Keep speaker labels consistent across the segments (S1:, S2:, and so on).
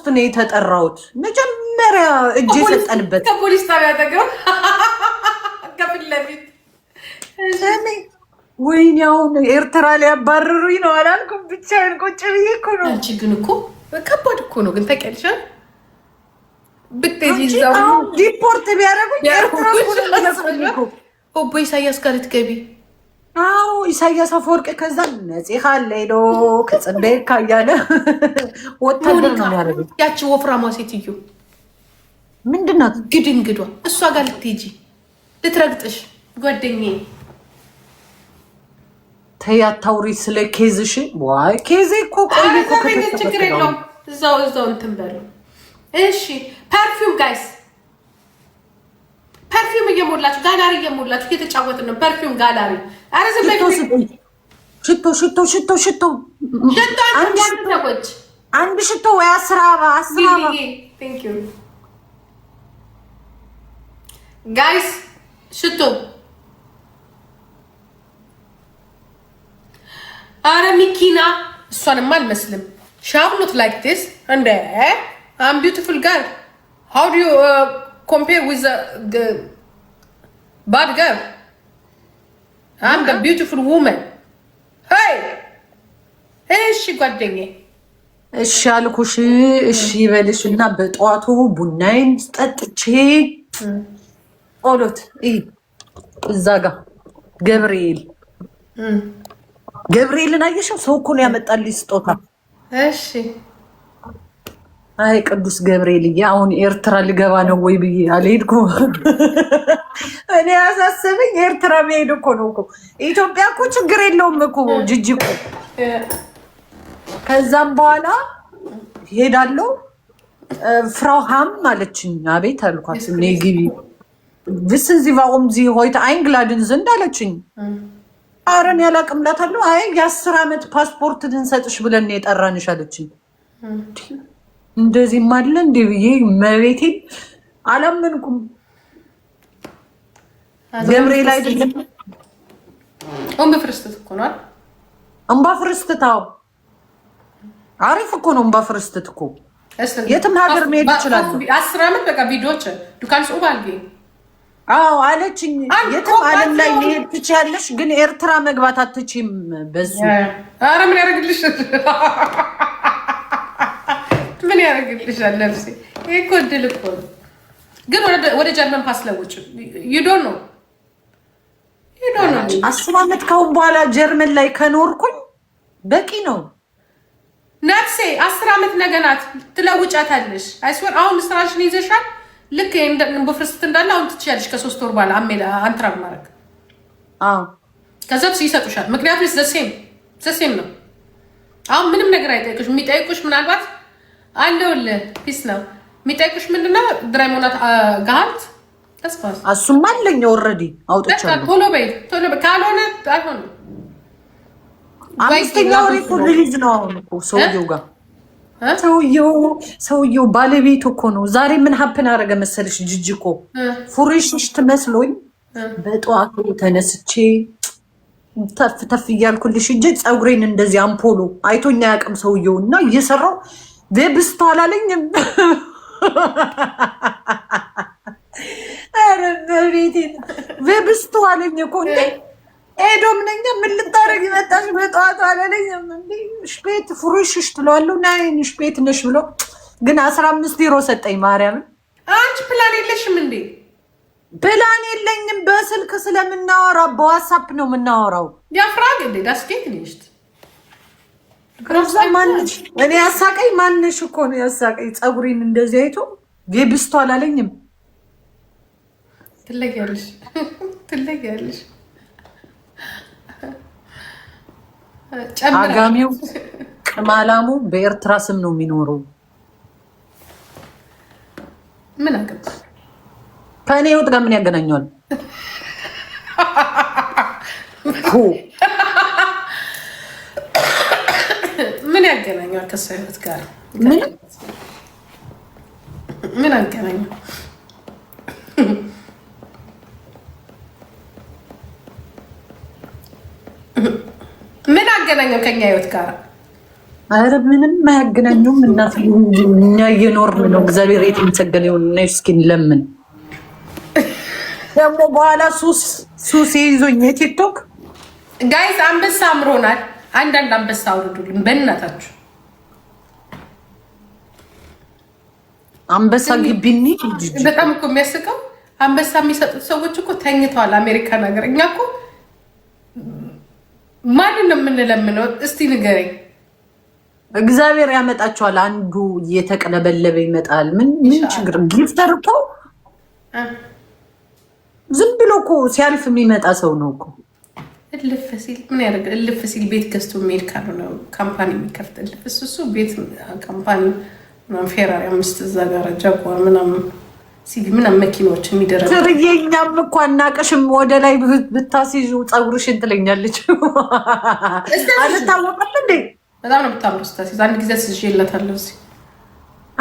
S1: ሶስት ነው የተጠራሁት። መጀመሪያ እጅ የሰጠንበት ከፖሊስ ጣቢያ አጠገብ ከፊት ለፊት ወይኔ አሁን ኤርትራ ሊያባርሩኝ ነው አላልኩም። ብቻዬን ቁጭ ብዬ እኮ ነው። አንቺ ግን እኮ ከባድ እኮ ነው ግን ተቀልሻል። ዲፖርት ቢያደርጉኝ ኤርትራ ሆቦ ኢሳያስ ጋር ልትገቢ አዎ ኢሳያስ አፈወርቅ ከዛ ነጽሐ ሌሎ ከጽደካ ካያለ ወታደር ነው ያደረገ። ያቺ ወፍራማ ሴትዮ ምንድናት? ግድ እንግዷ እሷ ጋር ልትሄጂ ልትረግጥሽ ጓደኛዬ ተያታውሪ ስለ ኬዝሽ። ዋይ ኬዜ እኮ ቆይ ችግር የለውም እዛው እዛው እንትን በሉ። እሺ ፐርፊውም ጋይስ ፐርፊውም እየሞላችሁ ጋላሪ እየሞላችሁ እየተጫወትን ነው። ፐርፊውም ጋላሪ ሽቶ ሽቶ ሽቶ ሽቶ አንድ ሽቶ ወይ አስር አበባ አስር አበባ ጋይስ ሽቶ አረ ሚኪና እሷንማ አልመስልም። ሻም ኖት ላይክ ዲስ እንደ አም ቢዩቲፉል ጋር ሃው ዱ ዩ ኮምፔር ዊዝ bad girl. I'm the beautiful woman. Hey! እሺ ጓደኛዬ፣ እሺ አልኩሽ። እሺ ይበልሽና በጠዋቱ ቡናዬን ጠጥቼ ኦሎት እዛ ጋ ገብርኤል ገብርኤልን አየሽው? ሰው እኮ ነው ያመጣልኝ ስጦታ። እሺ አይ ቅዱስ ገብርኤልዬ፣ አሁን ኤርትራ ልገባ ነው ወይ ብዬ አልሄድኩም። እኔ ያሳሰበኝ ኤርትራ መሄድ እኮ ነው እኮ። ኢትዮጵያ እኮ ችግር የለውም እኮ ጅጅ እኮ። ከዛም በኋላ ሄዳለው ፍራውሃም አለችኝ። አቤት አልኳት። ግቢ ብስን ዚቫቁም ዚ ሆይት አይንግላድን ዝንድ አለችኝ። አረን ያላቅምላታለሁ። አይ የአስር ዓመት ፓስፖርት ልንሰጥሽ ብለን የጠራንሽ አለችኝ። እንደዚህ ማለ እንዲ ብዬ መቤቴ አላመንኩም። ገብርኤል አይደለም እንባ ፍርስትት እኮ ነው። እንባ ፍርስትት አዎ፣ አሪፍ እኮ ነው። እንባ ፍርስትት እኮ የትም ሀገር መሄድ አስር በቃ ቪዲዮች ዱካንስ አዎ አለችኝ። የትም ዓለም ላይ መሄድ ትችያለሽ፣ ግን ኤርትራ መግባት ኧረ ምን ያደርግልሽ ምን ያደርግልሻል? ይህ እኮ እኮ ነው። ግን ወደ ጀርመን ፓስ ለውጭ አስር ዓመት ካሁን በኋላ ጀርመን ላይ ከኖርኩኝ በቂ ነው። ነፍሴ አስር ዓመት ነገናት ናት፣ ትለውጫታለሽ። አይስወር አሁን ስራሽን ይዘሻል። ልክ በፍርስት እንዳለ አሁን ትችያለሽ። ከሶስት ወር በኋላ አሜ አንትራግ ማድረግ ከዘብስ ይሰጡሻል። ምክንያቱም ዘሴም ዘሴም ነው። አሁን ምንም ነገር አይጠይቁሽ። የሚጠይቁሽ ምናልባት አለውል ፒስ ነው የሚጠይቁሽ ምንድነው ድራይ መሆናት እሱም አለኝ ኦልሬዲ አውጥቻለሁ። ቶሎ በይ ቶሎ በይ፣ ካልሆነ አይሆንም። አምስተኛ ወሬ እኮ ልልጅ ነው አሁን እኮ ሰውየው ጋር ሰውየው ሰውየው ባለቤቱ እኮ ነው። ዛሬ ምን ሀፕን አደረገ መሰለሽ? ጅጅ እኮ ፉሬሽሽ ትመስሎኝ በጠዋቱ ተነስቼ ተፍ ተፍ እያልኩልሽ ፀጉሬን እንደዚህ አምፖሎ አይቶኛ ያቅም ሰውየው እና እየሰራው ብስቷል አለኝ ቤቴን በብስተዋለኝ እኮ እንደ ኤዶም ነኝ። ምን ልታደርግ መጣሽ በጠዋቱ አለለኝ። ሽቤት ፍሩሽሽ ትለዋለሁ እና ሽቤት ነሽ ብሎ ግን አስራ አምስት ዩሮ ሰጠኝ። ማርያምን አንቺ ፕላን የለሽም እንዴ? ፕላን የለኝም። በስልክ ስለምናወራ በዋትሳፕ ነው የምናወራው። ያፍራል እንዴ ዳስኬት ንሽት ማንሽ እኔ ያሳቀኝ ማንሽ እኮ ነው ያሳቀኝ። ፀጉሬን እንደዚህ አይቶ ቤብስቷ አላለኝም ትለጊያለሽ ትለጊያለሽ። አጋሚው ቅማላሙ በኤርትራ ስም ነው የሚኖረው። ምን አገባ ከእኔ ህይወት ጋር ምን ያገናኘዋል? ምን ያገናኘዋል? ከእሷ ህይወት ጋር ምን ምን ያገናኘዋል? አገናኘው ከኛ ህይወት ጋር? አረ ምንም አያገናኙም። እናት እኛ እየኖርን ነው። እግዚአብሔር የተመሰገነ ይሁንና ስኪን ለምን ደግሞ በኋላ ሱስ ሱስ ይዞኝ የቲክቶክ ጋይስ አንበሳ አምሮናል። አንዳንድ አንበሳ አውርዱልን በእናታችሁ። አንበሳ ግቢኒ በጣም እኮ የሚያስቀው አንበሳ የሚሰጡት ሰዎች እኮ ተኝተዋል። አሜሪካን ሀገር እኛ እኮ ማንን የምንለምነው? እስቲ ንገረኝ። እግዚአብሔር ያመጣቸዋል። አንዱ እየተቀለበለበ ይመጣል። ምን ምን ችግር ጊፍተር እኮ ዝም ብሎ እኮ ሲያልፍ የሚመጣ ሰው ነው እኮ። እልፍ ሲል ምን ያደርግ? እልፍ ሲል ቤት ገዝቶ የሚሄድ ካልሆነ ካምፓኒ የሚከፍት እልፍ እሱ ቤት ካምፓኒ ፌራሪ አምስት እዛ ጋር ጃጓር ምናምን ምናምን መኪኖች የሚደረጉ እኛም እኮ አናቅሽም። ወደ ላይ ብታስይዙ ፀጉርሽን ትለኛለች። አልታወቀም እንዴ? በጣም ነው ብታምሩ ስታስይዝ። አንድ ጊዜ ስዤላታለሁ። እዚህ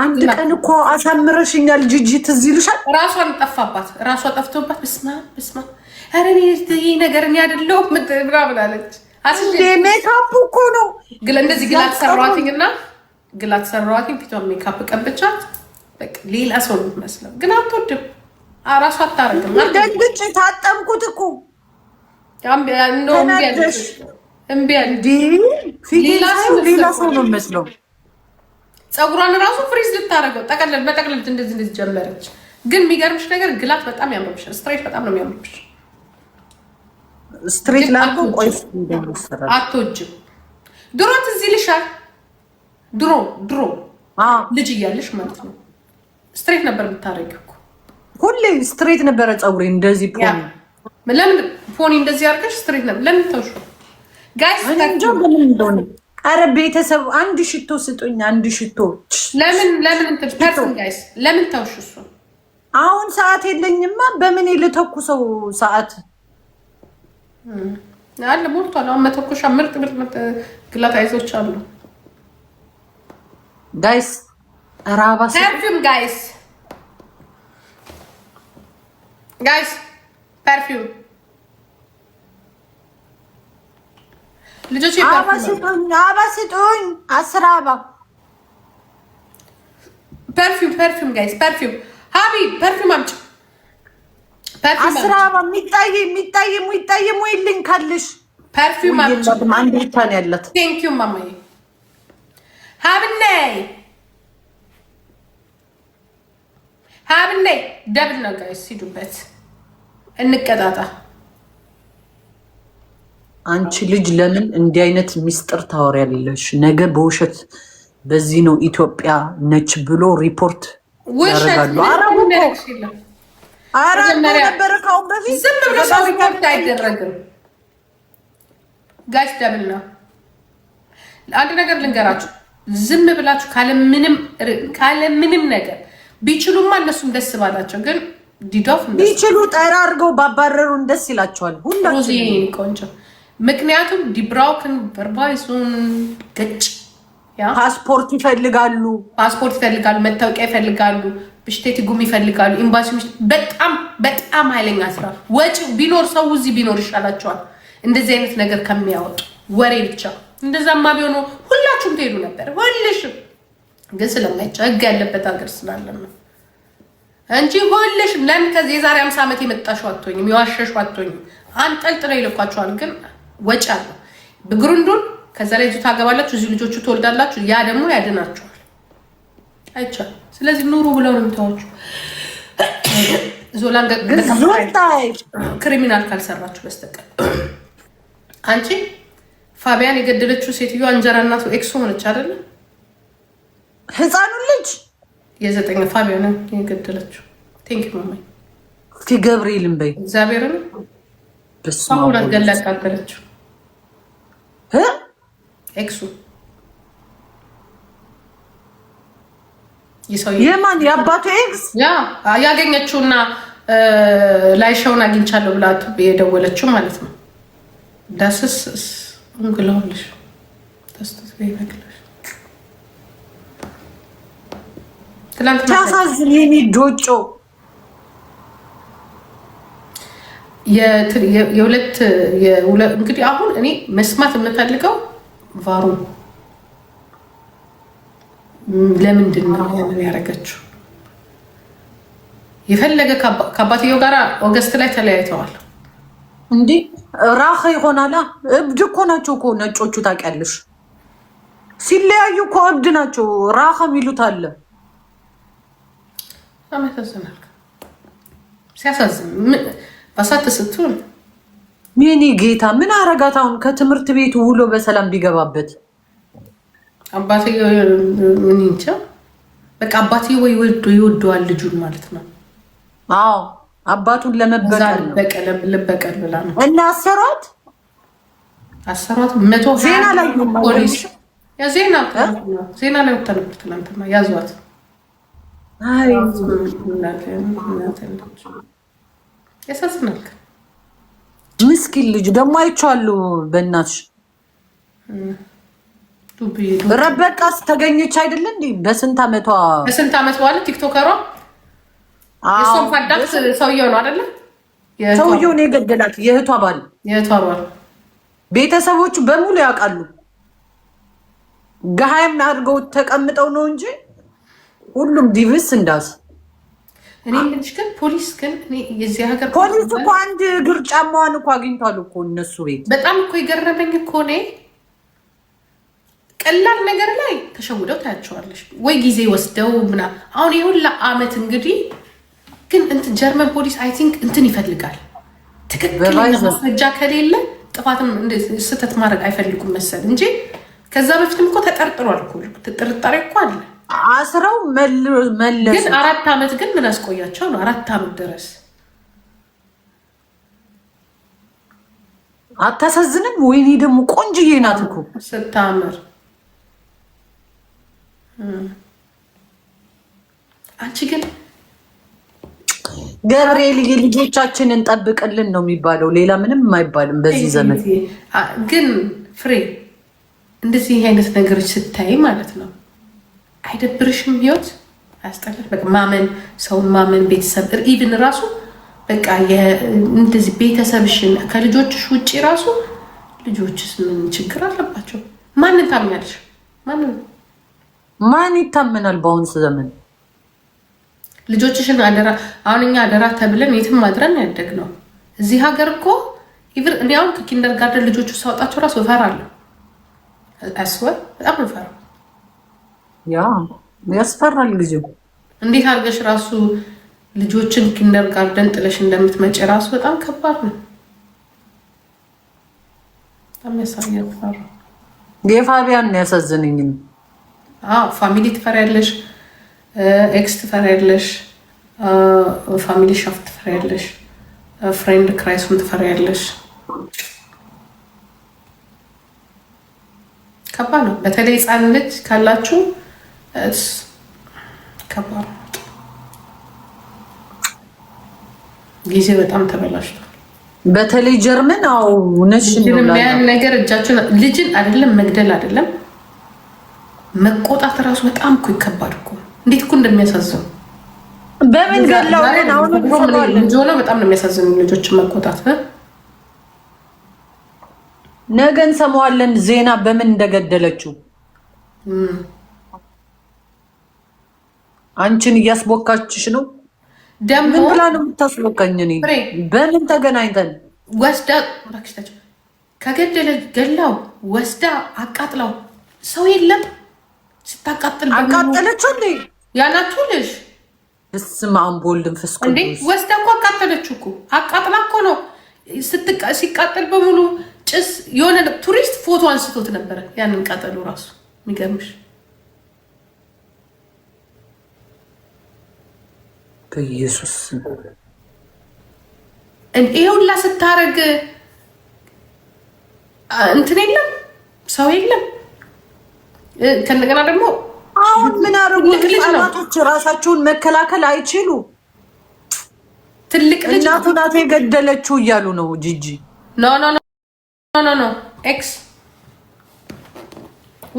S1: አንድ ቀን እኮ አሳምረሽኛል ጅጅ ትዝ ይልሻል። ራሷን ጠፋባት፣ ራሷ ጠፍቶባት ብስማ ብስማ፣ ኧረ ይህ ነገር እኔ አይደለሁም ምናምን አለች። ሜካፕ እኮ ነው እንደዚህ ግላት ሰሯትኝ እና ግላት ሰሯትኝ ፊቷን ሜካፕ ቀብቻት ሌላ ሰው የምትመስለው ግን አትወድም። ራሱ አታረግም። ደንግጬ ታጠምኩት እኮ ሌላ ሰው ነው መስለው። ፀጉሯን ራሱ ፍሪዝ ልታደርገው ጠቀለል በጠቅለል እንደዚህ እንደዚህ ጀመረች። ግን የሚገርምሽ ነገር ግላት በጣም ያምርብሻል። ስትሬት በጣም ነው የሚያምርብሽ። ስትሬት ላልከው ቆይ አትወጅም። ድሮ ትዝ ይልሻል። ድሮ ድሮ ልጅ እያለሽ ማለት ነው ስትሬት ነበር የምታደርጊው እኮ ሁሌ ስትሬት ነበረ ፀጉሬ እንደዚህ ፖኒ ለምን ፖኒ እንደዚህ አድርገሽ ስትሬት ነበር ለምን ተውሽ ጋይስ ለምን ቤተሰብ አንድ ሽቶ ስጡኝ አንድ ሽቶ ለምን ለምን እንትን ፐርሰን ጋይስ ለምን ተውሽ እሱ አሁን ሰዓት የለኝማ በምን ልተኩሰው ሰዓት አለ ሞልቷል አሁን መተኮሻ ምርጥ ምርጥ ግላታ ይዞች አሉ ጋይስ ራባስ ፐርፊም ጋይስ ጋይስ ፐርፊም ልጆች አባ ስጡኝ፣ አባ ስጡኝ፣ አስር አባ ፐርፊም ፐርፊም ጋይስ ፐርፊም ሀቢ ፐርፊም አምጪ አስር አባ የሚታይ የሚታይ የሚታይ ሙይልኝ ካልሽ ፐርፊም አምጪ። አንድ ብቻ ነው ያላት። ቴንኪዩ ማማዬ ሀብነይ ሀብል ደብል ነው ጋይስ፣ ሂዱበት እንቀጣጣ። አንቺ ልጅ ለምን እንዲህ አይነት ሚስጥር ታወሪያለሽ? ነገ በውሸት በዚህ ነው ኢትዮጵያ ነች ብሎ ሪፖርት ያደርጋሉ። አራት ነበረ ካሁን በፊት ዝም ብሎ ሰው ሪፖርት አይደረግም ደብል ነው። አንድ ነገር ልንገራችሁ፣ ዝም ብላችሁ ካለምንም ነገር ቢችሉማ እነሱም ደስ ባላቸው፣ ግን ዲዶፍ ቢችሉ ጠራርገው ባባረሩን ደስ ይላቸዋል። ሁላችን ቆንጆ ምክንያቱም ዲብራውክን በርባይሱን ግጭ ፓስፖርት ይፈልጋሉ፣ ፓስፖርት ይፈልጋሉ፣ መታወቂያ ይፈልጋሉ፣ ብሽቴት ጉም ይፈልጋሉ። ኤምባሲ በጣም በጣም ኃይለኛ ስራ ወጪ ቢኖር ሰው እዚህ ቢኖር ይሻላቸዋል፣ እንደዚህ አይነት ነገር ከሚያወጡ ወሬ ብቻ። እንደዛማ ቢሆኑ ሁላችሁም ትሄዱ ነበር ሁልሽም ግን ስለማይቻል ህግ ያለበት ሀገር ስላለም እንጂ ሁልሽም ለምን ከዚህ የዛሬ አምሳ ዓመት የመጣሽው አትሆኝም፣ የዋሸሽው አትሆኝም። አንጠልጥለው ይለኳቸዋል። ግን ወጪ አለው ብግሩንዱን ከዛ ላይ እዚሁ ታገባላችሁ፣ እዚሁ ልጆቹ ትወልዳላችሁ። ያ ደግሞ ያድናቸዋል። አይቻልም። ስለዚህ ኑሩ ብለው ነው የሚተዋችሁ። ዞላን ክሪሚናል ካልሰራችሁ በስተቀር አንቺ ፋቢያን የገደለችው ሴትዮዋ እንጀራ እናቱ ኤክሶ ሆነች አይደለም። ህፃኑን ልጅ የዘጠኝ ፋቢዮን የገደለችው ቴንክ ማማኝ ገብርኤልን በይ እግዚአብሔርን ሁለት ገላ ያቃጠለችው ኤክሱ የማን የአባቱ ኤክስ ያገኘችውና ላይሻውን አግኝቻለሁ ብላት የደወለችው ማለት ነው። ዳስስ እንግለውልሽ ስቶት ይበግላል ሲያሳዝን የኔ ዶጮ የሁለት እንግዲህ አሁን እኔ መስማት የምፈልገው ቫሩ ለምንድን ነው ያደረገችው? የፈለገ ከአባትየው ጋር ኦገስት ላይ ተለያይተዋል። እንዲህ ራኸ ይሆናላ። እብድ እኮ ናቸው እኮ ነጮቹ ታውቂያለሽ። ሲለያዩ እኮ እብድ ናቸው። ራኸ የሚሉት አለ ሲያሳዝን ባሳት ስትሆን የኔ ጌታ ምን አረጋት? አሁን ከትምህርት ቤቱ ውሎ በሰላም ቢገባበት አባቴ ምን ይንቻ በቃ አባቴ ወይ ወዶ ይወደዋል ልጁን ማለት ነው። አዎ አባቱን ለመበቀል ልበቀል ብላ ነው እና አሰሯት አሰሯት። መቶ ዜና ላይ ዜና ዜና ላይ ወተነበትላንትማ ያዟት ምስኪን ልጅ ደግሞ አይቼዋሉ። በእናትሽ ረበቃስ ተገኘች አይደለ እንዴ? በስንት ዓመቷ በስንት በኋላ ቲክቶከሯ የእሷን ፋዳት ሰውየው ነው ሰውየው ነው የገደላት። የእህቷ ባል የእህቷ ባል ቤተሰቦቹ በሙሉ ያውቃሉ። ገሀይም አድርገው ተቀምጠው ነው እንጂ ሁሉም ዲቪስ እንዳስ እኔ ልጅ ግን ፖሊስ ግን የዚህ ሀገር ፖሊስ እኮ አንድ እግር ጫማዋን እኮ አግኝቷል እኮ እነሱ ቤት። በጣም እኮ የገረመኝ እኮ እኔ ቀላል ነገር ላይ ተሸውደው ታያቸዋለሽ ወይ ጊዜ ወስደው ምና አሁን የሁላ አመት እንግዲህ ግን እንትን ጀርመን ፖሊስ አይ ቲንክ እንትን ይፈልጋል ትክክለኛ ማስረጃ ከሌለ ጥፋትም ስህተት ማድረግ አይፈልጉም መሰል እንጂ ከዛ በፊትም እኮ ተጠርጥሯል እኮ ጥርጣሬ እኮ አለ አስረው መለሱ። ግን አራት ዓመት ግን ምን አስቆያቸው ነው? አራት ዓመት ድረስ አታሳዝንም? ወይኔ ደግሞ ቆንጅዬ ናት እኮ ስታምር። አንቺ ግን ገብርኤል የልጆቻችንን ጠብቅልን ነው የሚባለው፣ ሌላ ምንም አይባልም በዚህ ዘመን። ግን ፍሬ እንደዚህ አይነት ነገሮች ስታይ ማለት ነው አይደብርሽም? ህይወት አያስጠላል። በቃ ማመን፣ ሰውን ማመን፣ ቤተሰብ ኢቭን ራሱ በቃ እንደዚህ ቤተሰብሽን ከልጆችሽ ውጭ ራሱ ልጆችስ ምን ችግር አለባቸው? ማንን ታምኛለሽ? ማንን ማን ይታመናል? በአሁኑ ዘመን ልጆችሽን አደራ። አሁን እኛ አደራ ተብለን የትም አድረን ያደግ ነው። እዚህ ሀገር እኮ ኢቭን እኔ አሁን ከኪንደርጋርደን ልጆቹ ሳወጣቸው ራሱ እፈራለሁ። አስወ በጣም እፈራለሁ። ያ ያስፈራል። ጊዜው እንዴት አድርገሽ ራሱ ልጆችን ኪንደር ጋርደን ጥለሽ እንደምትመጪ ራሱ በጣም ከባድ ነው። በጣም ያሳያል። የፋቢያን ያሳዝነኝም ፋሚሊ ትፈሪያለሽ፣ ኤክስ ትፈሪያለሽ፣ ፋሚሊ ሻፍ ትፈሪያለሽ፣ ፍሬንድ ክራይሱን ትፈሪያለሽ። ከባድ ነው። በተለይ ሕፃን ልጅ ካላችሁ ከባድ ጊዜ በጣም ተበላሽቷል። በተለይ ጀርመን አው ነሽ ነገር እጃቸውን ልጅን አይደለም መግደል አይደለም መቆጣት እራሱ በጣም እኮ ይከባድ እኮ እንዴት እኮ እንደሚያሳዝኑ በምን ገላው ልጅ ሆነው በጣም ነው የሚያሳዝኑ ልጆችን መቆጣት። ነገ እንሰማዋለን ዜና በምን እንደገደለችው አንቺን እያስቦካችሽ ነው። ደግሞ ምን ብላ ነው የምታስቦካኝ? እኔ በምን ተገናኝተን ወስዳ ከገደለ ገላው ወስዳ አቃጥለው ሰው የለም ስታቃጥል አቃጠለችው እንዴ ልሽ እስም አንቦል ድንፍስ ወስዳ እኮ አቃጠለችው እኮ አቃጥላ እኮ ነው ሲቃጠል በሙሉ ጭስ የሆነ ቱሪስት ፎቶ አንስቶት ነበረ ያንን ቃጠሉ ራሱ የሚገርምሽ በኢየሱስ ይሄ ሁላ ስታደርግ እንትን የለም ሰው የለም። ከእንደገና ደግሞ አሁን ምን አድርጉ? ህጻናቶች ራሳቸውን መከላከል አይችሉ። ትልቅ ልጅ እናቱ ናት የገደለችው እያሉ ነው። ጂጂ ኖ ኖ ኖ ኖ ኤክስ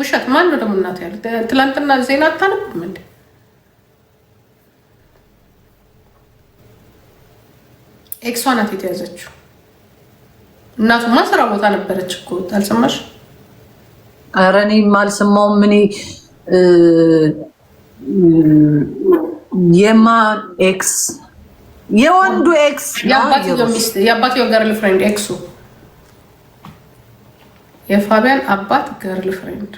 S1: ውሸት። ማን ነው ደግሞ እናቱ ያለ ትላንትና ዜና አታነብም እንዴ? ኤክሷ ናት የተያዘችው። እናቱማ ስራ ቦታ ነበረች እኮ አልሰማሽ? ኧረ እኔም አልሰማውም። እኔ የማ ኤክስ የወንዱ ኤክስ የአባትዮ ገርል ፍሬንድ ኤክሱ የፋቢያን አባት ገርል ፍሬንድ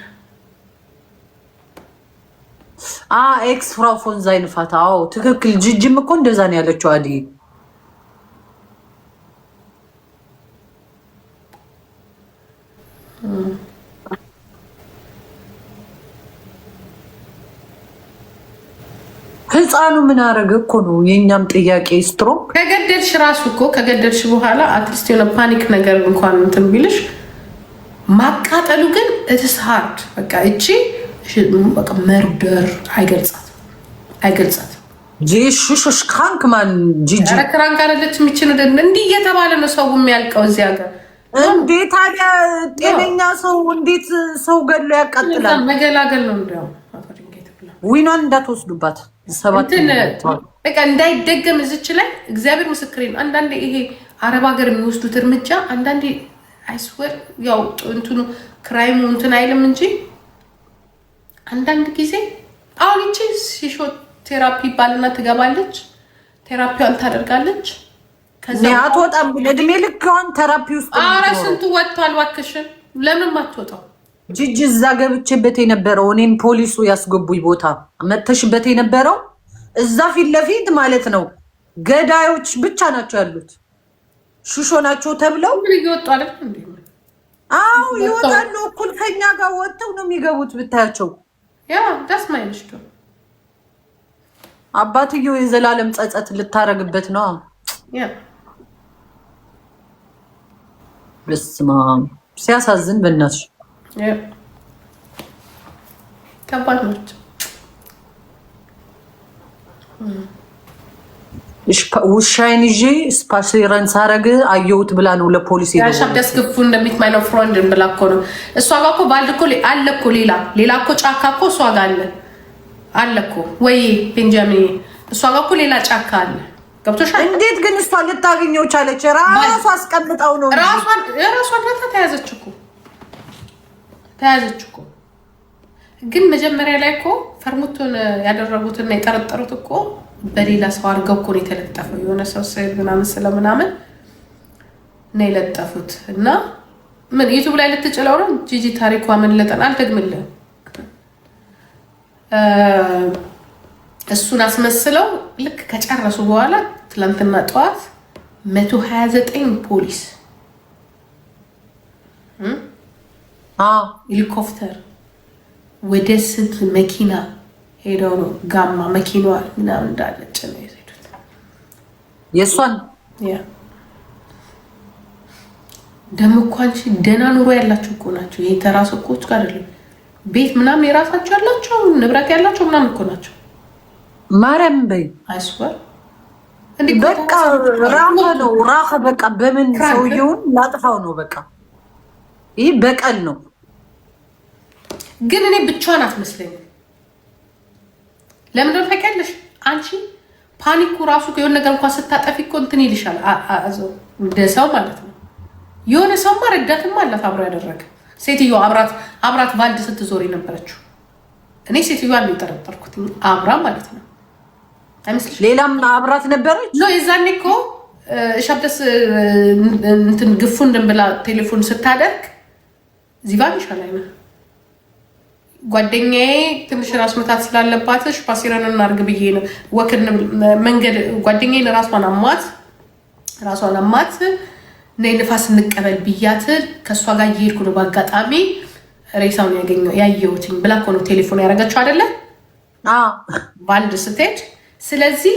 S1: ኤክስ ፍራፎን ዛይንፋታ አዎ ትክክል። ጅጅም እኮ እንደዛ ነው ያለችው አዲ ህፃኑ ምን አረገ እኮ ነው የእኛም ጥያቄ። ስትሮም ከገደልሽ ራሱ እኮ ከገደልሽ በኋላ አትሊስት የሆነ ፓኒክ ነገር እንኳን እንትን ቢልሽ ማቃጠሉ ግን እትስ ሀርድ በቃ እቺ መርደር አይገልጻት አይገልጻት ሽሽ ክራንክ ማን ጂጂ ክራንክ አረለች የሚችል እንዲህ እየተባለ ነው ሰው የሚያልቀው እዚህ ሀገር እንዴት ታዲያ ጤነኛ ሰው እንዴት ሰው ገድሎ ያቃጥላል? መገላገል ነው። እንዲያው ዊኗን እንዳትወስዱባት በቃ እንዳይደገም እዚች ላይ እግዚአብሔር ምስክሬ ነው። አንዳንዴ ይሄ አረብ ሀገር የሚወስዱት እርምጃ አንዳንዴ አይስወር ያው እንትኑ ክራይሙ እንትን አይልም እንጂ አንዳንድ ጊዜ አሁን ይቺ ሲሾ ቴራፒ ባልና ትገባለች፣ ቴራፒዋን ታደርጋለች። አትወጣም። እድሜ ልክ ተራፒ ውስጥ ኧረ ስንቱ ወጥቷል። እባክሽን ለምንም አትወጣው ጅጅ። እዛ ገብቼበት የነበረው እኔም ፖሊሱ ያስገቡኝ ቦታ መተሽበት የነበረው እዛ ፊት ለፊት ማለት ነው። ገዳዮች ብቻ ናቸው ያሉት ሹሾ ናቸው ተብለው አው ይወጣሉ። እኩል ከኛ ጋር ወጥተው ነው የሚገቡት። ብታያቸው አባትየው የዘላለም ጸጸት ልታረግበት ነው። በስመ ሲያሳዝን፣ በእናትሽ ከባድ ናቸው። ውሻዬን ይዤ ስፓሽ ሳረግ አየሁት ብላ ነው ለፖሊስ ደስግፉ እንደሚት ማይ ፍሮንድ ብላ እኮ ነው እሷ ጋ እኮ ባልድ እኮ አለ እኮ ሌላ ሌላ እኮ ጫካ እኮ እሷ ጋ አለ አለ እኮ ወይ ቤንጃሚን እሷ ጋ እኮ ሌላ ጫካ አለ። ገብቶሻል። እንዴት ግን እሷ ልታገኘው ቻለች? ራሷ አስቀምጠው ነው ራሷን ፈታ ተያዘች እኮ ተያዘች እኮ። ግን መጀመሪያ ላይ እኮ ፈርሙቱን ያደረጉትና የጠረጠሩት እኮ በሌላ ሰው አድርገው እኮ ነው የተለጠፈው። የሆነ ሰው ስዕል ምናምን ስለምናምን ነው የለጠፉት። እና ምን ዩቱብ ላይ ልትጭለው ነው ጂጂ ታሪኳ ምን ልጠን አልደግምልህም እሱን አስመስለው ልክ ከጨረሱ በኋላ ትላንትና ጠዋት መቶ ሀያ ዘጠኝ ፖሊስ ሄሊኮፕተር ወደ ስንት መኪና ሄደው ነው ጋማ መኪናዋል ምናምን እንዳለች ነው የሄዱት። የእሷን ደግሞ እኮ አንቺ ደህና ኑሮ ያላቸው እኮ ናቸው። ይሄ ተራ ሰዎች ጋር አይደለም። ቤት ምናምን የራሳቸው ያላቸው ንብረት ያላቸው ምናምን እኮ ናቸው። ማርያም በይ በቃ ራኸ ነው ራኸ በቃ በምን ሰውየውን ላጥፋው ነው በቃ ይህ በቀል ነው። ግን እኔ ብቻዋን አትመስለኝም። ለምን ደው ታውቂያለሽ? አንቺ ፓኒኩ ራሱ የሆነ ነገር እንኳን ስታጠፊ እኮ እንትን ይልሻል፣ እንደ ሰው ማለት ነው። የሆነ ሰውማ ረዳትም አላት አብሮ ያደረገ ሴትዮ አብራት ባልድ ስትዞር የነበረችው እኔ ሴትዮዋን ነው የጠረጠርኩት፣ አብራ ማለት ነው ሌላም አብራት ነበረች። የዛኔ እኮ ሻደስ እንትን ግፉ እንድንብላ ቴሌፎን ስታደርግ ዚባን ይሻላል ጓደኛዬ ትንሽ ራስ ምታት ስላለባት ፓሲረን እናርግ ብዬ ነው ወክን መንገድ ጓደኛዬን ራሷን አማት ራሷን አማት ነይ ንፋስ እንቀበል ብያት ከእሷ ጋር እየሄድኩ ነው በአጋጣሚ ሬሳውን ያገኘው ያየሁትኝ ብላ እኮ ነው ቴሌፎን ያደረገችው አይደለ ባልድ ስትሄድ ስለዚህ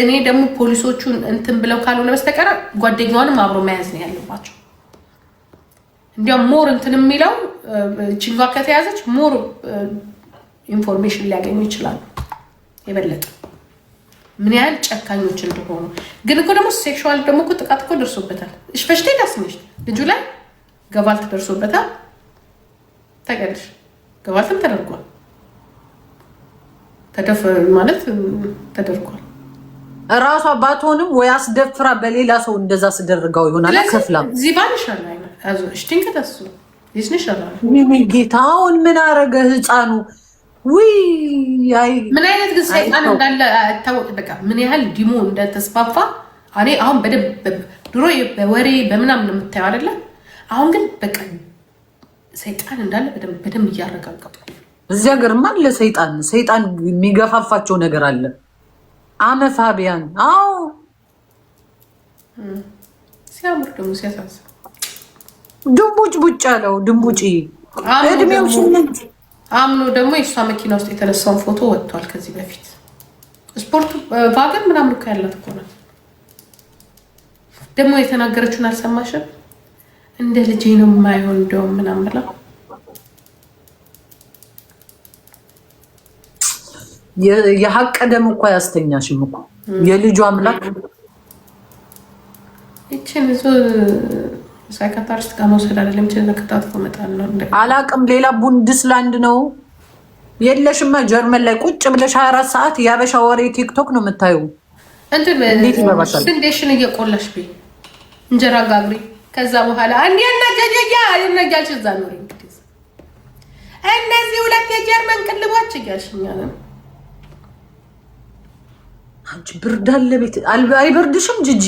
S1: እኔ ደግሞ ፖሊሶቹን እንትን ብለው ካልሆነ በስተቀር ጓደኛዋንም አብሮ መያዝ ነው ያለባቸው። እንዲያውም ሞር እንትን የሚለው ችንጓ ከተያዘች ሞር ኢንፎርሜሽን ሊያገኙ ይችላሉ። የበለጠ ምን ያህል ጨካኞች እንደሆኑ ግን እኮ ደግሞ ሴክሹዋል ደግሞ እኮ ጥቃት እኮ ደርሶበታል። ሽፈሽቴ ዳስነሽ ልጁ ላይ ገባልት ደርሶበታል። ተቀልሽ ገባልትም ተደርጓል። ማለት ተደርጓል። ራሷ አባትሆንም ወይ አስደፍራ በሌላ ሰው እንደዛ ስደርጋው ይሆናል። ከፍላ ጌታ አሁን ምን አረገ ህፃኑ? ምን አይነት ግን ሰይጣን እንዳለ አይታወቅ። በቃ ምን ያህል ዲሞ እንደተስፋፋ እኔ አሁን በደንብ ድሮ በወሬ በምናምን የምታየው አይደለም አሁን ግን በቃ ሰይጣን እንዳለ በደንብ እያረጋገጡ እዚህ ሀገር ማን ለሰይጣን ሰይጣን የሚገፋፋቸው ነገር አለ። አመ ፋቢያን አዎ፣ ሲያምር ደግሞ ሲያሳዝን ድንቡጭ ቡጭ አለው ድንቡጭ እድሜው ስምንት አምኖ ደግሞ የእሷ መኪና ውስጥ የተነሳውን ፎቶ ወጥቷል። ከዚህ በፊት ስፖርቱ ባገር ምናምን እኮ ያላት እኮ ናት። ደግሞ የተናገረችውን አልሰማሽም? እንደ ልጄ ነው የማይሆን እንደውም ምናምን የሀቅ ቀደም እኮ ያስተኛሽም እኮ የልጁ አምላክ ጋር መውሰድ አይደለም ከታጥፎ መጣል ነው። አላቅም ሌላ ቡንድስላንድ ነው የለሽማ። ጀርመን ላይ ቁጭ ብለሽ 24 ሰዓት የአበሻ ወሬ ቲክቶክ ነው የምታዩ። እንዴት ይበባሻል? ስንዴሽን እየቆለሽ ቢ እንጀራ ጋግሪ። ከዛ በኋላ አንድ ያናገኘያ እዛ ኖሪ። እንግዲህ እነዚህ ሁለት የጀርመን ቅልቦች እያልሽኛ ነው አንቺ ብርድ አለ ቤት አይበርድሽም? ጅጂ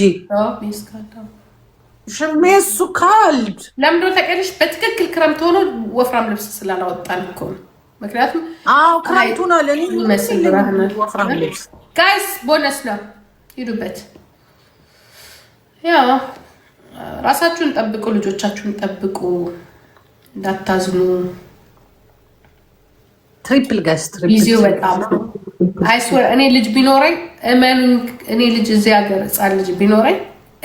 S1: ሸሜሱ ካልድ ለምንድ ተቀደሽ? በትክክል ክረምት ሆኖ ወፍራም ልብስ ስላላወጣን እኮ ምክንያቱም ክረምቱን ለኔ ወፍራም ልብስ ጋይስ፣ ቦነስ ነው ሂዱበት። ያ ራሳችሁን ጠብቁ፣ ልጆቻችሁን ጠብቁ፣ እንዳታዝኑ። ትሪፕል ጋይስ ጊዜው በጣም አይስወር እኔ ልጅ ቢኖረኝ እመኑኝ፣ እኔ ልጅ እዚህ ሀገር ህፃን ልጅ ቢኖረኝ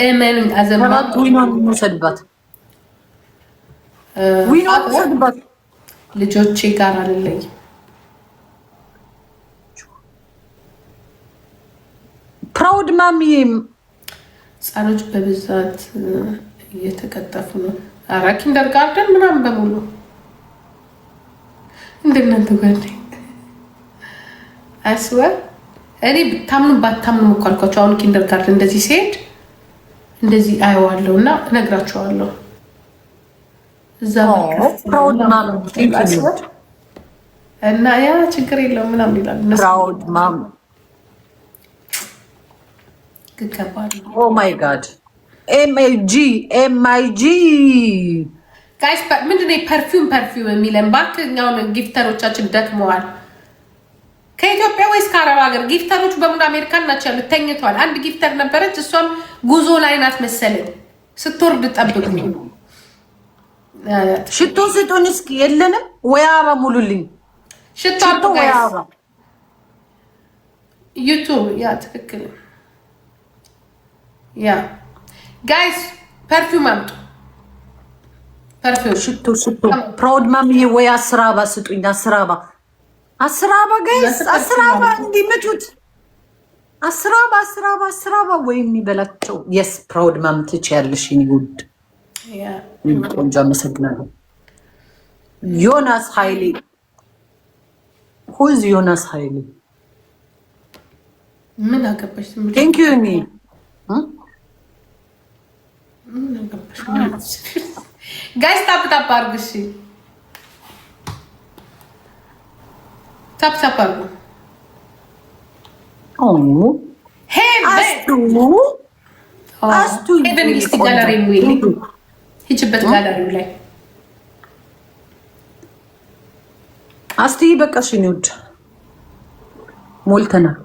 S1: እመኑኝ፣ አዘማሰድባት ልጆቼ ጋር አልለይም። ፕራውድ ማሚዬ ህፃኖች በብዛት እየተቀጠፉ ነው። ኧረ ኪንደርጋርደን ምናምን በሙሉ እንደናንተ ጓደኝ አስወ እኔ ብታምኑ ባታምኑ ሞኳልኳቸው። አሁን ኪንደር ጋርደን እንደዚህ ሲሄድ እንደዚህ አየዋለሁ እና እነግራቸዋለሁ። እና ያ ችግር የለው ምናምን ይላሉ። ይገባል። ኦ ማይ ጋድ ኤም አይ ጂ ኤም አይ ጂ ጋይስ ምንድነው ፐርፊውም ፐርፊውም የሚለን? ባክኛውን ጊፍተሮቻችን ደክመዋል። ከኢትዮጵያ ወይስ ከአረብ ሀገር ጊፍተሮች በሙሉ አሜሪካን ናቸው ያሉት፣ ተኝተዋል። አንድ ጊፍተር ነበረች፣ እሷም ጉዞ ላይ ናት መሰለኝ። ስትወርድ ጠብቅ ሽቶ ስጡን እስኪ፣ የለንም ወይ አበባ ሙሉልኝ። ሽቶ ወይ አበባ ዩቱብ ያ ትክክል ያ ጋይስ ፐርፊውም አምጡ ሽቶ ሽቶ ፕራውድ ማም ወይ አስር አባ ስጡኝ። አስር አባ አስር አባ ጋይስ አስር አባ እንዲመቹት አስር አባ አስር አባ አስር አባ ወይ የሚበላቸው የስ ፕራውድ ማም ትችያለሽ። የእኔ ውድ ቆንጆ አመሰግናለሁ። ዮናስ ኃይሌ ሁዝ ዮናስ ኃይሌ ምን አገባሽ? ጋይስ ታፕ ታፕ አድርግ። እሺ ታፕ ታፕ አድርጉ። ሄቨንስቲ ጋለሪ ሂጅበት፣ ጋለሪው ላይ አስትዬ በቃ እሺ፣ እኔ ሞልተናል።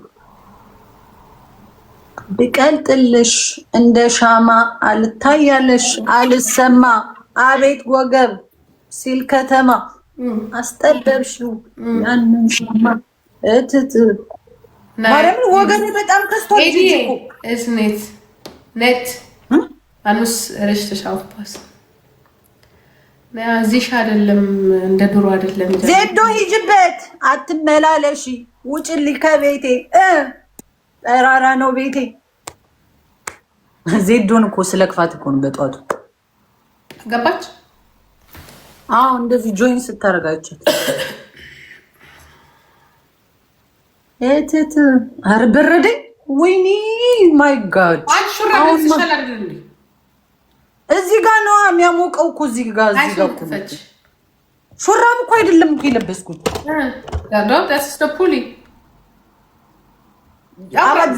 S1: ብቀልጥልሽ እንደ ሻማ አልታያለሽ አልሰማ አቤት ወገብ ሲል ከተማ አስጠበብሽው ያንን ሻማ እትት ማርያምን ወገብ በጣም ከስቷል። እዝኔት ነት አኑስ ረሽተሻ አውፓስ እዚሽ አይደለም፣ እንደ ድሮ አይደለም። ዜዶ ሂጅበት፣ አትመላለሺ፣ ውጭልኝ ከቤቴ ጠራራ ነው ቤቴ። ዜዶን እኮ ስለ ክፋት እኮ ነው በጠዋቱ ገባች። አዎ እንደዚህ ጆይን ስታደርጋቸው እትት ኧረ በረደኝ። ወይኔ ማይ ጋድ እዚህ ጋ ነው የሚያሞቀው እኮ እዚህ ጋ እዚህ ጋ ሹራብ እኮ አይደለም እኮ የለበስኩት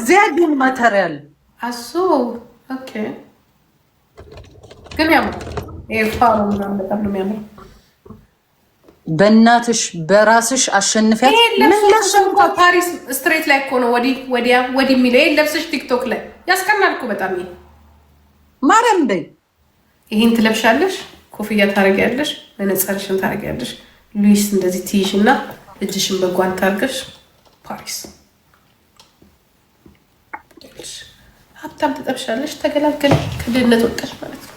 S1: ዚያድን ማተሪያል አሱ ኦኬ ግን ያሞቀው በእናትሽ በራስሽ አሸንፊያት። ፓሪስ ስትሬት ላይ እኮ ነው ወዲህ ወዲያ ወዲህ የሚለው ይሄን ለብሰሽ ቲክቶክ ላይ ያስቀናል እኮ በጣም። ይሄ ማርያም በይ። ይህን ትለብሻለሽ፣ ኮፍያ ታደርጊያለሽ፣ መነፀርሽን ታደርጊያለሽ፣ ሉዊስ እንደዚህ ትይሽ እና እጅሽን በጓን ታርገሽ ፓሪስ ሀብታም ትጠብሻለሽ። ተገላገል፣ ከድህነት ወጣሽ ማለት ነው።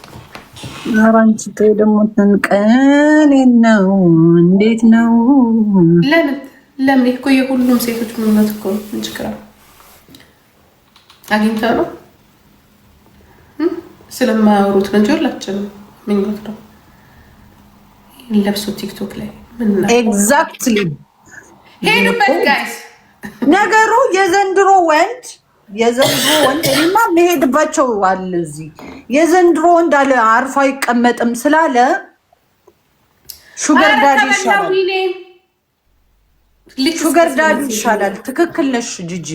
S1: አራንቺ ተይ ደግሞ ቀኔ ነው። እንዴት ነው? ለምን ለምን እኮ የሁሉም ሴቶች ምኞት እኮ ምን ችግር አለው? አግኝተው ነው ስለማያወሩት ነው እንጂ ሁላችንም ምኞት ነው። ለብሶ ቲክቶክ ላይ ኤግዛክትሊ ሄዱበት ጋይስ። ነገሩ የዘንድሮ ወንድ የዘንድሮ ወንድ እኔማ መሄድባቸው አለ እዚህ የዘንድሮ ወንድ አለ አርፎ አይቀመጥም ስላለ ሹገር ዳዲ ይሻላል፣ ሹገር ዳዲ ይሻላል። ትክክል ነሽ ጂጂ።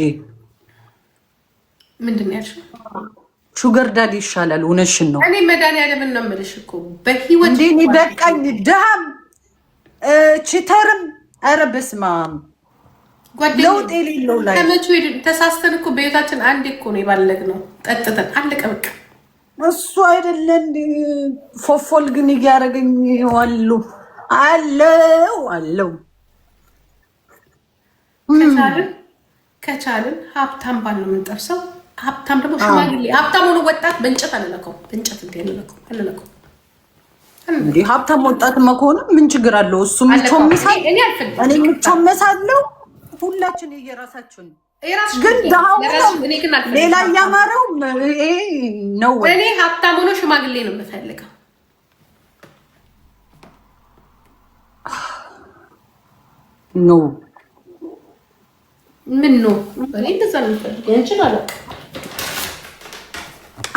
S1: ምንድን ነው ያልሽው? ሹገር ዳዲ ይሻላል። እውነትሽን ነው። እኔ መድኃኒዓለምን ነው የምልሽ እኮ በህይወት እንዴ በቃኝ። ድሃም ችተርም፣ ኧረ በስመ አብ ለውጥ የሌለው ላይ ከመቼ ተሳስተን እኮ በቤታችን አንዴ እኮ ነው የባለግ ነው ጠጥተን አለቀ በቃ። እሱ አይደለ እንዲ ፎፎል ግን እያደረገኝ አለው አለው። ከቻልን ከቻልን ሀብታም ባል ነው የምንጠብሰው። ሀብታም ደግሞ ሽማግሌ ሀብታም ሆኖ ወጣት በእንጨት አልለቀው በእንጨት እንዲ እንዲህ ሀብታም ምን ችግር አለው? እሱ ምቾመሳል እኔ ሁላችን የራሳችን ግን ሌላ እያማረው ነው። እኔ ሀብታም ሆኖ ሽማግሌ ነው የምፈልገው። ኖ ምን ኖ እኔ እንደዛ ነው የምፈልገው።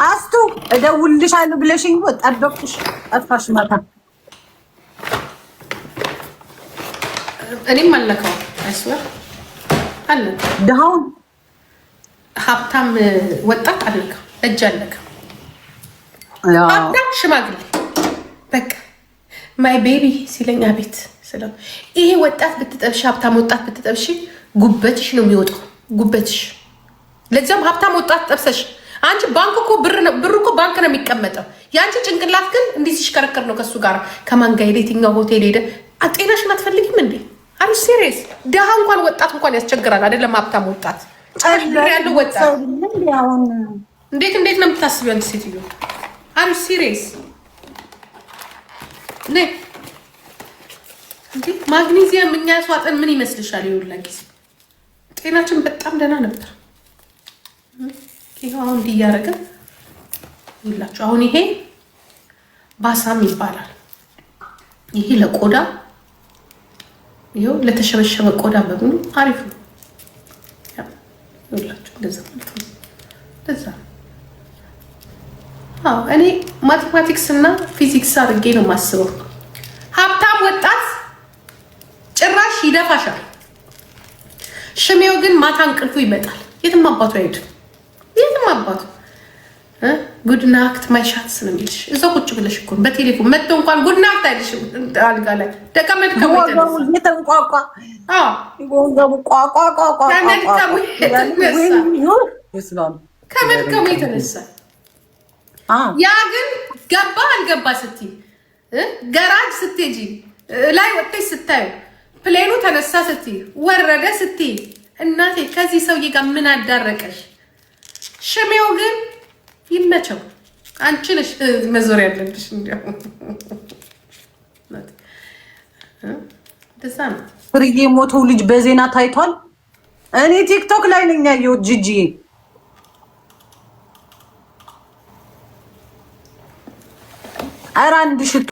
S1: አስቱ እደውልልሻለሁ ብለሽኝ ጠበቅሽ፣ ጠፋሽ። ማታ እኔም አለከው አይስበር ድሃውን ሀብታም ወጣት አድርገው እጅ አለቀ። ሀብታም ሽማግሌ በቃ ማይ ቤቢ ሲለኝ አቤት ስለው ይሄ ወጣት ብትጠብሽ ሀብታም ወጣት ብትጠብሽ ጉበትሽ ነው የሚወጣው፣ ጉበትሽ ለዚያም ሀብታም ወጣት ጠብሰሽ አንቺ ባንክ እኮ ብር እኮ ባንክ ነው የሚቀመጠው። የአንቺ ጭንቅላት ግን እንዲህ ሲሽከረከር ነው ከሱ ጋር ከማን ጋር ሄደ፣ የትኛው ሆቴል ሄደ። ጤናሽን አትፈልጊም እንዴ? አም ሲሪየስ ድሃ እንኳን ወጣት እንኳን ያስቸግራል። አይደለም ሀብታም ወጣት ጨምር ያለው ወጣት እንዴት እንዴት ነው የምታስቢ? አንቺ ሴትዮ አም ሲሪየስ ነ እንዴ እኛ ያስዋጠን ምን ይመስልሻል? ይኸውልህ ጊዜ ጤናችን በጣም ደህና ነበር። ይኸው አሁን እንዲህ እያደረግን ይላችሁ። አሁን ይሄ ባሳም ይባላል። ይሄ ለቆዳ ይኸው ለተሸበሸበ ቆዳ መግኑ አሪፍ ነው። ሁላችሁ እንደዛ ማለት ነው። እንደዛ እኔ ማቴማቲክስ እና ፊዚክስ አድርጌ ነው የማስበው። ሀብታም ወጣት ጭራሽ ይደፋሻል። ሽሜው ግን ማታ እንቅልፉ ይመጣል። የትም አባቱ አይሄድም። የትም አባቱ ጉድ ናክት ማይሻትስ ስለሚልሽ የሚልሽ። እዛው ቁጭ ብለሽ እኮ በቴሌፎን መጥቶ እንኳን ጉድ ናክት አይልሽም። አልጋ ላይ ደቀመድ ከመድከሙ የተነሳ ያ ግን ገባ አልገባ ስቲ ገራጅ ስትሄጂ ላይ ወጥተሽ ስታዩ ፕሌኑ ተነሳ ስቲ ወረደ ስቲ እናቴ ከዚህ ሰውዬ ጋር ምን አዳረቀሽ? ሽሜው ግን ይመቸው። አንቺ ነሽ መዞሪያ ያለብሽ። እንዲያው ደዛ ነው ፍርዬ ሞተው ልጅ በዜና ታይቷል። እኔ ቲክቶክ ላይ ነኝ ያየሁት ጂጂ አራንድ ሽቶ